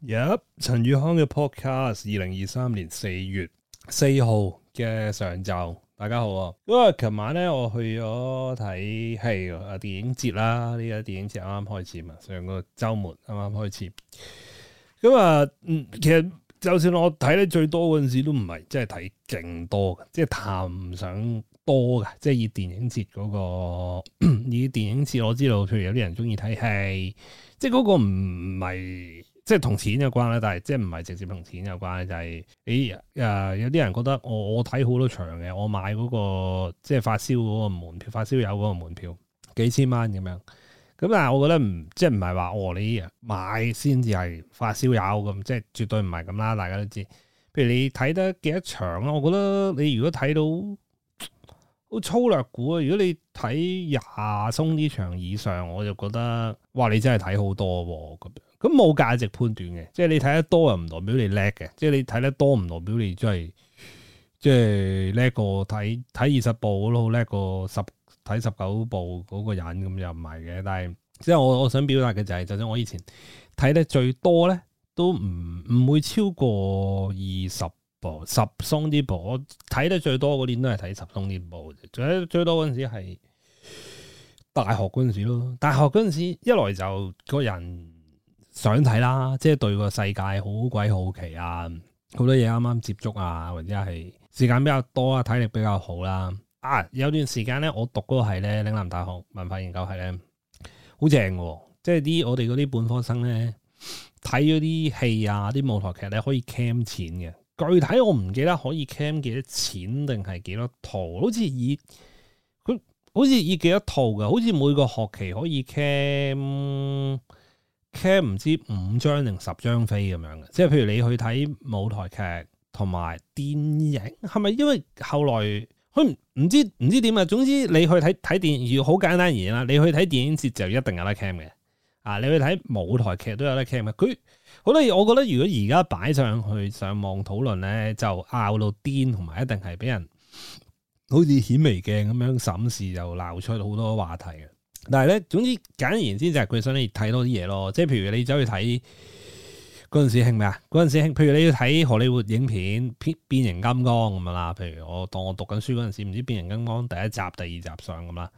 入陳宇康嘅 podcast，二零二三年四月四號嘅上晝，大家好啊！咁啊，琴晚咧，我去咗睇戲啊，電影節啦，呢個電影節啱啱開始嘛，上個周末啱啱開始。咁啊，嗯，其實就算我睇得最多嗰陣時，都唔係即係睇勁多嘅，即係談唔上多嘅，即係以電影節嗰個， 以電影節我知道，譬如有啲人中意睇戲，即係嗰個唔係。.即係同錢有關啦，但係即係唔係直接同錢有關，就係誒誒有啲人覺得我我睇好多場嘅，我買嗰個即係發燒嗰個門票，發燒友嗰個門票幾千蚊咁樣。咁但係我覺得唔即係唔係話哦，你買先至係發燒友咁，即係絕對唔係咁啦。大家都知，譬如你睇得幾多場咯？我覺得你如果睇到好粗略估啊，如果你睇廿鬆呢場以上，我就覺得哇，你真係睇好多喎咁樣。咁冇價值判斷嘅，即係你睇得多又唔代表你叻嘅，即係你睇得多唔代表你真係即係叻過睇睇二十部都好叻過十睇十九部嗰個人咁又唔係嘅，但係即係我我想表達嘅就係，就算我以前睇得最多咧，都唔唔會超過二十部十鬆啲部，我睇得最多嗰年都係睇十鬆啲部，最最多嗰陣時係大學嗰陣時咯，大學嗰陣時一來就個人。想睇啦，即係對個世界好鬼好奇啊！好多嘢啱啱接觸啊，或者係時間比較多啊，體力比較好啦。啊，有段時間咧，我讀嗰個係咧嶺南大學文化研究係咧，好正嘅。即係啲我哋嗰啲本科生咧睇嗰啲戲啊，啲舞台劇咧可以 cam 錢嘅。具體我唔記得可以 cam 幾多錢定係幾多套，好似以佢好似以幾多套嘅，好似每個學期可以 cam。cam 唔知五張定十張飛咁樣嘅，即係譬如你去睇舞台劇同埋電影，係咪因為後來佢唔唔知唔知點啊？總之你去睇睇電影，好簡單而言啦。你去睇電影節就一定有得 cam 嘅，啊，你去睇舞台劇都有得 cam 嘅。佢好啦，我覺得如果而家擺上去上網討論咧，就拗到癲，同埋一定係俾人好似顯微鏡咁樣審視，又鬧出好多話題嘅。但係咧，總之簡而言之就係佢想你睇多啲嘢咯。即係譬如你走去睇嗰陣時興咩啊？嗰陣時興，譬如你要睇荷里活影片《變變形金剛》咁啦。譬如我當我讀緊書嗰陣時，唔知《變形金剛》第一集、第二集上咁啦，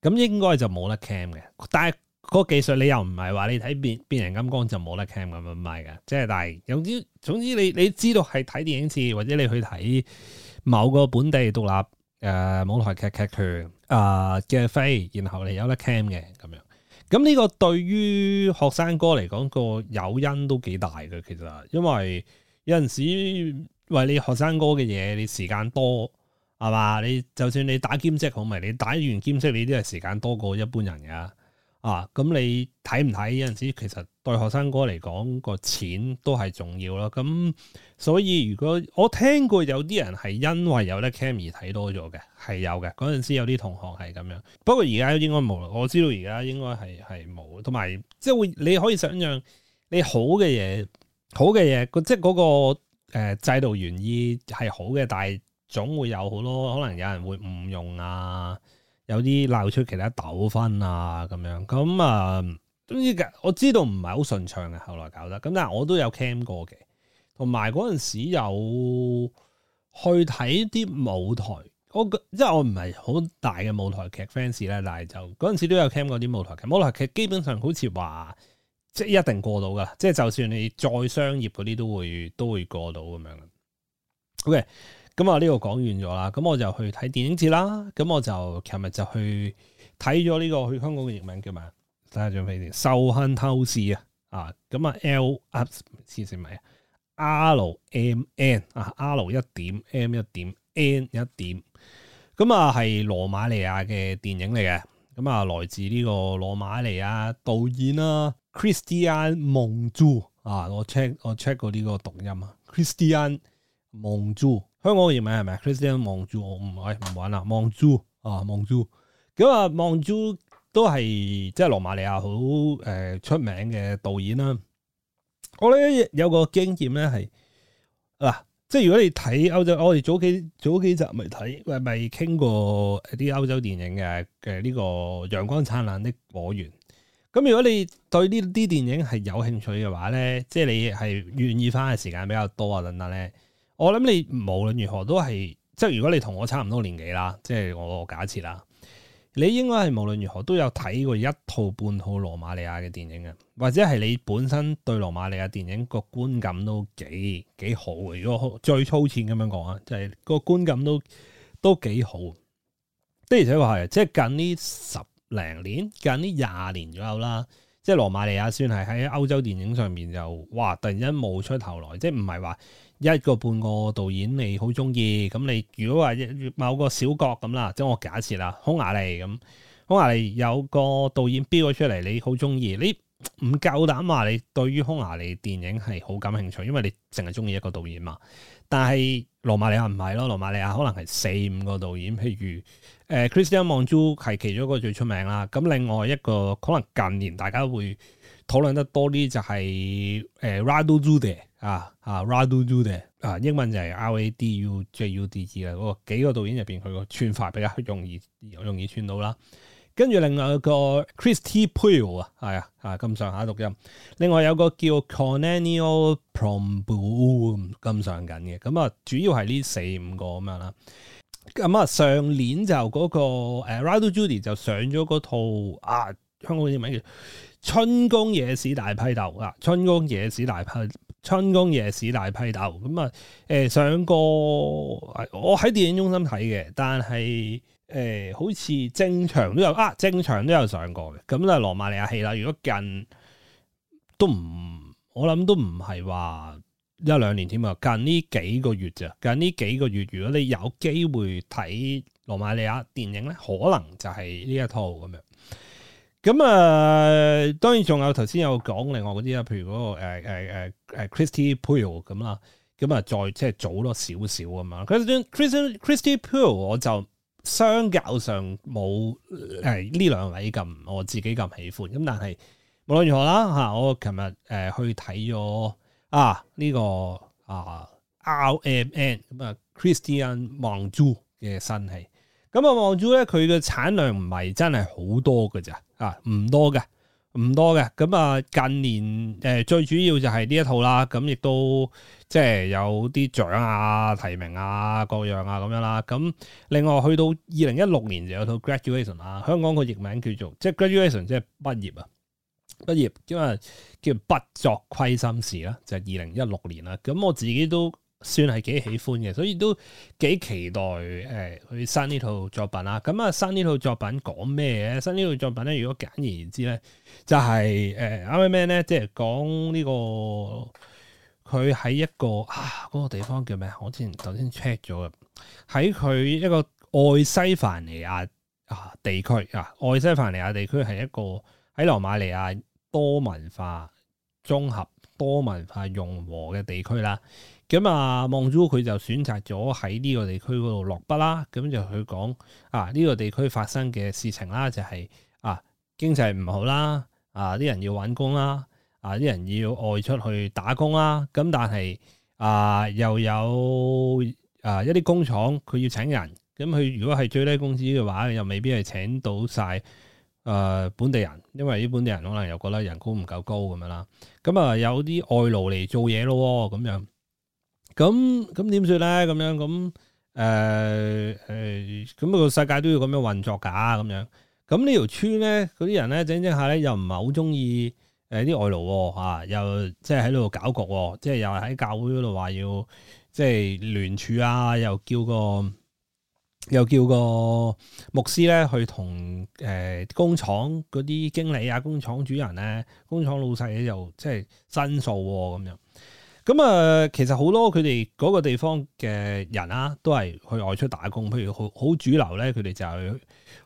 咁應該就冇得 cam 嘅。但係個技術你又唔係話你睇《變變形金剛》就冇得 cam 咁樣，唔係嘅。即係但係總之總之你你知道係睇電影節或者你去睇某個本地獨立誒、呃、舞台劇劇團。啊嘅飛，uh, ey, 然後你有得 c a 嘅咁樣，咁呢個對於學生哥嚟講個誘因都幾大嘅，其實，因為有陣時為你學生哥嘅嘢，你時間多係嘛，你就算你打兼職好咪你打完兼職你都係時間多過一般人噶。啊，咁、嗯、你睇唔睇？有陣時其實對學生哥嚟講個錢都係重要咯。咁、嗯、所以如果我聽過有啲人係因為有咧 Cam 而睇多咗嘅，係有嘅。嗰陣時有啲同學係咁樣。不過而家應該冇，我知道而家應該係係冇。同埋即係會你可以想象，你好嘅嘢，好嘅嘢，即係、那、嗰個、呃、制度原意係好嘅，但係總會有好多可能有人會誤用啊。有啲鬧出其他糾紛啊，咁樣咁啊，總、嗯、之我知道唔係好順暢嘅，後來搞得咁，但係我都有 cam 過嘅，同埋嗰陣時有去睇啲舞台，我即係我唔係好大嘅舞台劇 fans 咧，但係就嗰陣時都有 cam 過啲舞台劇，舞台劇基本上好似話即係一定過到噶，即係就算你再商業嗰啲都會都會過到咁樣嘅，OK。咁啊，呢個講完咗啦，咁我就去睇電影節啦，咁我就琴日就去睇咗呢個去香港嘅譯名叫咩啊？睇下張飛碟《仇恨透視》啊，L, 啊，咁啊 L，黐線咪啊，R M N 啊，R 一點 M 一點 N 一點，咁啊係羅馬尼亞嘅電影嚟嘅，咁啊來自呢個羅馬尼亞導演啦、啊、，Cristian Mungiu 啊，我 check 我 check 過呢個讀音啊，Cristian Mungiu。香港嘅熱門係咪？Cristian Mungiu，我唔係唔玩啦，Mungiu 啊，Mungiu 咁啊，Mungiu 都係即係羅馬尼亞好誒出名嘅導演啦。我咧有個經驗咧係嗱，即係如果你睇歐洲，我哋早幾早幾集咪睇，咪咪傾過啲歐洲電影嘅嘅呢個陽光燦爛的果園。咁、嗯、如果你對呢啲電影係有興趣嘅話咧，即係你係願意花嘅時間比較多啊，等等咧。我諗你無論如何都係，即係如果你同我差唔多年紀啦，即係我，我假設啦，你應該係無論如何都有睇過一套半套羅馬尼亞嘅電影嘅，或者係你本身對羅馬尼亞電影個觀感都幾幾好嘅。如果最粗淺咁樣講啊，就係個觀感都都幾好。的而且確係，即係近呢十零年，近呢廿年左右啦，即係羅馬尼亞算係喺歐洲電影上面就哇突然間冒出頭來，即係唔係話。一個半個導演你好中意，咁你如果話某個小國咁啦，即係我假設啦，匈牙利咁，匈牙利有個導演標咗出嚟，你好中意，你唔夠膽話你對於匈牙利電影係好感興趣，因為你淨係中意一個導演嘛。但係羅馬尼亞唔係咯，羅馬尼亞可能係四五個導演，譬如。誒、呃、Cristian Mungiu 係其中一個最出名啦，咁另外一個可能近年大家會討論得多啲就係、是、誒、呃、Radu Jude 啊啊 Radu Jude 啊，英文就係 R A D U J U D E 啦，嗰幾個導演入邊佢個串法比較容易容易串到啦。跟住另外一個 Cristi Puiu 啊，係啊啊咁上下讀音。另外有個叫 Corneliu Porumboiu 咁上緊嘅，咁啊主要係呢四五個咁樣啦。啊咁啊，上年就嗰個誒 Radu Jude 就上咗嗰套啊，香港片名叫《春宮夜市大批鬥》啊，《春宮夜市大批、啊、春宮夜市大批鬥》咁啊，誒、嗯嗯、上過，我喺電影中心睇嘅，但係誒、嗯、好似正常都有啊，正常都有上過嘅，咁、嗯、就係、羅馬尼亞戲啦。如果近都唔，我諗都唔係話，一兩年添啊！近呢幾個月咋？近呢幾個月，如果你有機會睇羅馬尼亞電影咧，可能就係呢一套咁樣。咁啊、呃，當然仲有頭先有講另外嗰啲啊，譬如嗰個誒誒誒誒 Cristi Puiu 咁啦，咁、呃、啊、呃呃、再即係早咗少少啊嘛。Cristian Cristi Cristi Puiu 我就相較上冇誒呢兩位咁，我自己咁喜歡。咁但係無論如何啦吓、啊，我琴日誒去睇咗。啊！呢、這個啊，R M N 咁啊，Cristian Mungiu 嘅新戲，咁啊，Mungiu 咧，佢嘅產量唔係真係好多㗎咋，啊，唔多嘅，唔多嘅。咁啊，近年誒、呃、最主要就係呢一套啦，咁亦都即係有啲獎啊、提名啊、各樣啊咁樣啦。咁、啊、另外去到二零一六年就有套 Graduation 啊，香港個譯名叫做即係 Graduation，即係畢業啊。畢業，因為叫不作虧心事啦，就係二零一六年啦。咁我自己都算係幾喜歡嘅，所以都幾期待誒、呃、去新呢套作品啦。咁啊，新呢套作品講咩嘅？新呢套作品咧，如果簡而言之咧，就係誒啱啱咩咧，即係講呢個佢喺一個啊嗰、那個地方叫咩？我之前頭先 check 咗嘅，喺佢一個外西凡尼亞啊地區啊，外西凡尼亞地區係一個。喺羅馬尼亞多文化綜合多文化融和嘅地區啦，咁啊，望珠佢就選擇咗喺呢個地區嗰度落筆啦。咁就佢講啊，呢、這個地區發生嘅事情啦、就是，就係啊，經濟唔好啦，啊，啲人要揾工啦，啊，啲人要外出去打工啦。咁、啊、但係啊，又有啊一啲工廠佢要請人，咁佢如果係最低工資嘅話，又未必係請到晒。誒、呃、本地人，因為啲本地人可能又覺得人工唔夠高咁樣啦，咁啊有啲外勞嚟做嘢咯咁樣，咁咁點算咧？咁樣咁誒誒，咁啊、呃呃、個世界都要咁樣運作㗎咁樣。咁呢條村咧，嗰啲人咧整整下咧又唔係好中意誒啲外勞喎、啊、又即係喺度搞局，啊、即係又喺教會嗰度話要即係聯署啊，又叫個，又叫個牧師咧去同誒工廠嗰啲經理啊、工廠主人咧、工廠老細咧，又即係申訴喎咁樣。咁啊，其實好多佢哋嗰個地方嘅人啦，都係去外出打工。譬如好好主流咧，佢哋就去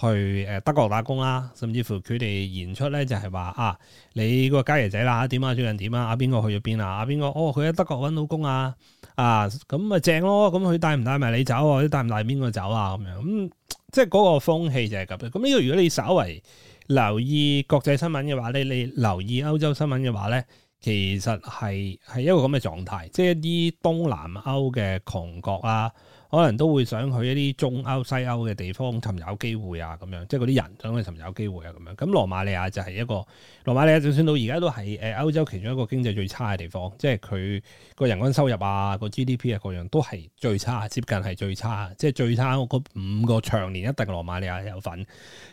去誒德國打工啦，甚至乎佢哋演出咧就係話啊，你個家爺仔啦，點啊最近點啊？阿邊個去咗邊啊？阿邊個哦佢喺德國揾到工啊？啊，咁咪正咯，咁、嗯、佢帶唔帶埋你走或者帶唔帶邊個走啊？咁樣，咁、嗯、即係嗰個風氣就係咁樣。咁呢個如果你稍為留意國際新聞嘅話咧，你留意歐洲新聞嘅話咧，其實係係一個咁嘅狀態，即係一啲東南歐嘅窮國啊。可能都會想去一啲中歐、西歐嘅地方尋找機會啊，咁樣即係嗰啲人想去尋找機會啊，咁樣。咁羅馬尼亞就係一個，羅馬尼亞就算到而家都係誒歐洲其中一個經濟最差嘅地方，即係佢個人均收入啊、個 GDP 啊各樣都係最差，接近係最差，即係最差嗰五個長年一定羅馬尼亞有份。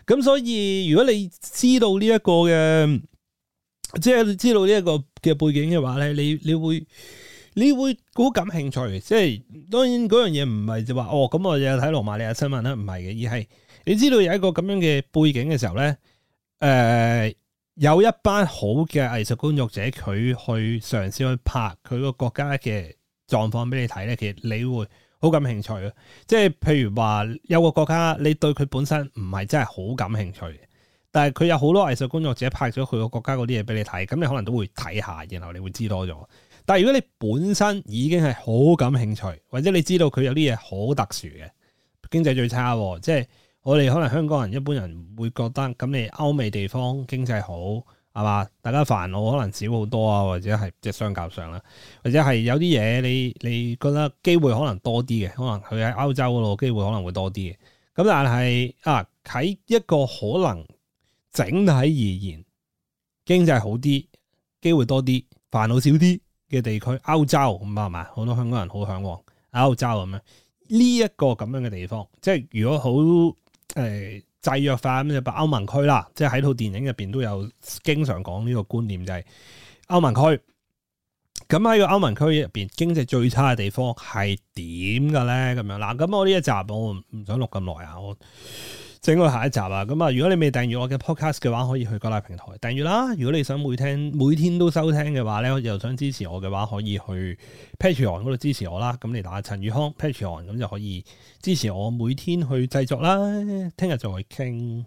咁所以如果你知道呢一個嘅，即係你知道呢一個嘅背景嘅話咧，你你會。你會好感興趣，即係當然嗰樣嘢唔係就話哦咁我有睇羅馬尼亞新聞啦，唔係嘅，而係你知道有一個咁樣嘅背景嘅時候咧，誒、呃、有一班好嘅藝術工作者佢去嘗試去拍佢個國家嘅狀況俾你睇咧，其實你會好感興趣嘅。即係譬如話有個國家你對佢本身唔係真係好感興趣，但係佢有好多藝術工作者拍咗佢個國家嗰啲嘢俾你睇，咁你可能都會睇下，然後你會知多咗。但係如果你本身已經係好感興趣，或者你知道佢有啲嘢好特殊嘅經濟最差，即係我哋可能香港人一般人會覺得咁，你歐美地方經濟好係嘛？大家煩惱可能少好多啊，或者係即係相較上啦，或者係有啲嘢你你覺得機會可能多啲嘅，可能佢喺歐洲嗰度機會可能會多啲嘅。咁但係啊喺一個可能整體而言經濟好啲，機會多啲，煩惱少啲，嘅地區歐洲咁係嘛，好多香港人好嚮往歐洲咁、這個、樣呢一個咁樣嘅地方，即係如果好誒制約化咁就歐盟區啦。即係喺套電影入邊都有經常講呢個觀念，就係、是、歐盟區。咁喺個歐盟區入邊，經濟最差嘅地方係點嘅咧？咁樣啦，咁我呢一集我唔想錄咁耐啊！我整個下一集啊，咁啊，如果你未訂閱我嘅 podcast 嘅話，可以去各大平台訂閱啦。如果你想每聽每天都收聽嘅話咧，又想支持我嘅話，可以去 Patreon 嗰度支持我啦。咁你打陳宇康 Patreon，咁就可以支持我每天去製作啦。聽日再傾。